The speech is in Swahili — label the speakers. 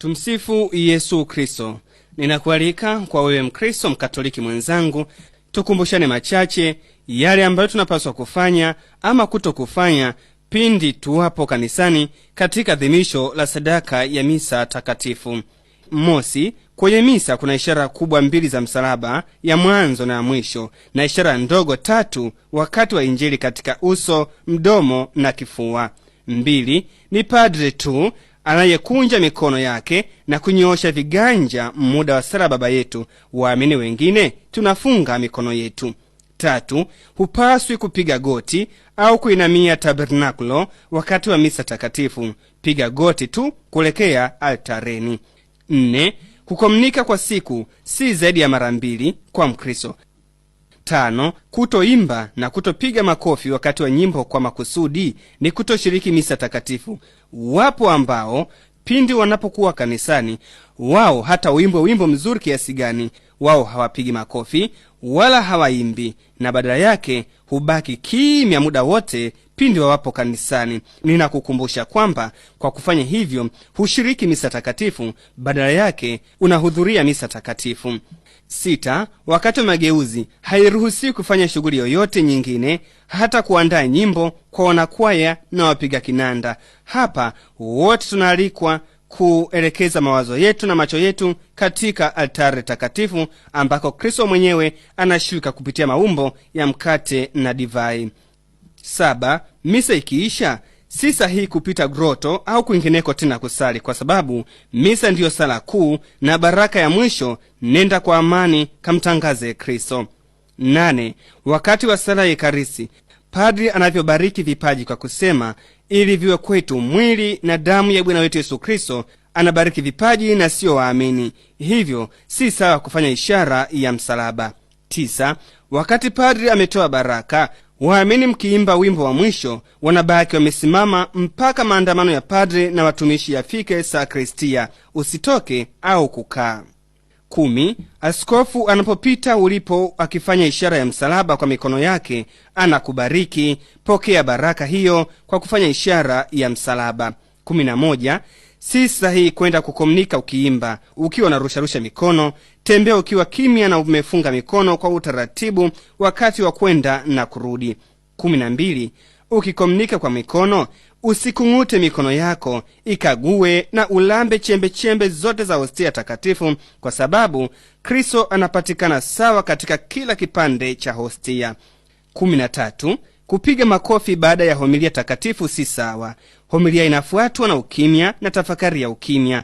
Speaker 1: Tumsifu Yesu Kristo. Ninakualika kwa wewe Mkristo Mkatoliki mwenzangu, tukumbushane machache yale ambayo tunapaswa kufanya ama kuto kufanya pindi tuwapo kanisani katika dhimisho la sadaka ya misa takatifu. Mosi, kwenye misa kuna ishara kubwa mbili za msalaba, ya mwanzo na ya mwisho, na ishara ndogo tatu wakati wa Injili katika uso, mdomo na kifua. Mbili, ni padre tu anayekunja mikono yake na kunyoosha viganja muda wa sala Baba yetu. Waamini wengine tunafunga mikono yetu. Tatu, hupaswi kupiga goti au kuinamia tabernakulo wakati wa misa takatifu. Piga goti tu kuelekea altareni. Nne, kukomunika kwa siku si zaidi ya mara mbili kwa Mkristo. Tano, kutoimba na kutopiga makofi wakati wa nyimbo kwa makusudi ni kutoshiriki misa takatifu. Wapo ambao pindi wanapokuwa kanisani, wao hata wimbo wimbo mzuri kiasi gani, wao hawapigi makofi wala hawaimbi, na badala yake hubaki kimya muda wote pindi wawapo kanisani. Ninakukumbusha kwamba kwa kufanya hivyo hushiriki misa takatifu, badala yake unahudhuria misa takatifu. Sita, wakati wa mageuzi hairuhusiwi kufanya shughuli yoyote nyingine, hata kuandaa nyimbo kwa wanakwaya na wapiga kinanda. Hapa wote tunaalikwa kuelekeza mawazo yetu na macho yetu katika altare takatifu ambako Kristo mwenyewe anashuka kupitia maumbo ya mkate na divai. Saba, misa ikiisha si sahihi kupita groto au kwingineko tena kusali, kwa sababu misa ndiyo sala kuu na baraka ya mwisho. Nenda kwa amani, kamtangaze Kristo. Nane, wakati wa sala ya Ekaristi padri anavyobariki vipaji kwa kusema, ili viwe kwetu mwili na damu ya Bwana wetu Yesu Kristo. Anabariki vipaji na siyo waamini, hivyo si sawa kufanya ishara ya msalaba. Tisa, wakati padri ametoa baraka Waamini mkiimba wimbo wa mwisho, wanabaki wamesimama mpaka maandamano ya padre na watumishi yafike sakristia, usitoke au kukaa. Kumi, askofu anapopita ulipo akifanya ishara ya msalaba kwa mikono yake, anakubariki. Pokea baraka hiyo kwa kufanya ishara ya msalaba. Kumi na moja, Si sahihi kwenda kukomunika ukiimba, ukiwa unarusharusha mikono. Tembea ukiwa kimya na umefunga mikono kwa utaratibu wakati wa kwenda na kurudi. mbili. Ukikomunika kwa mikono, usikung'ute mikono yako, ikague na ulambe chembechembe zote za hostia takatifu, kwa sababu Kristo anapatikana sawa katika kila kipande cha hostia. tatu. Kupiga makofi baada ya homilia takatifu si sawa. Homilia inafuatwa na ukimya na tafakari ya ukimya.